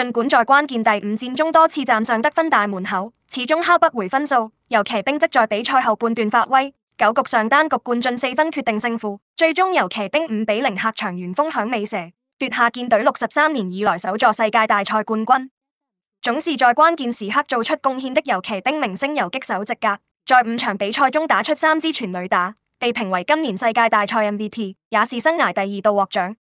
盡管在關鍵第五戰中多次站上得分大門口，始終敲不回分數。遊騎兵則在比賽後半段發威，九局上單局灌進四分決定勝負，最終遊騎兵五比零客場完封響尾蛇，奪下建隊六十三年以來首座世界大賽冠軍。總是在關鍵時刻做出貢獻的遊騎兵明星游擊手席格，在五場比賽中打出三支全壘打，被評為今年世界大賽 MVP，也是生涯第二度獲獎。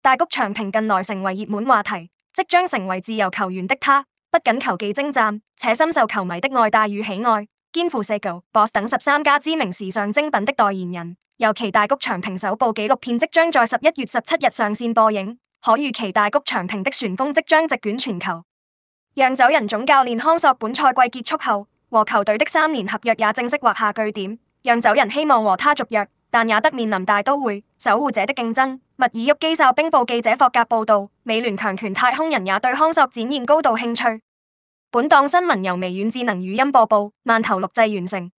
大谷翔平近來成為熱門話題。即將成為自由球員的他，不僅球技精湛，且深受球迷的愛戴與喜愛，肩負世高、Boss 等十三家知名時尚精品的代言人。尤其大谷長平首部紀錄片即將在十一月十七日上線播映，可預期大谷長平的旋風即將席捲全球。釀酒人總教練康索本賽季結束後和球隊的三年合約也正式劃下句點，釀酒人希望和他續約，但也得面臨大都會守護者的競爭。《密爾沃基哨兵報》記者霍格報道，美聯強權太空人也對康索展現高度興趣。本檔新聞由微軟智能語音播報，萬頭錄製完成。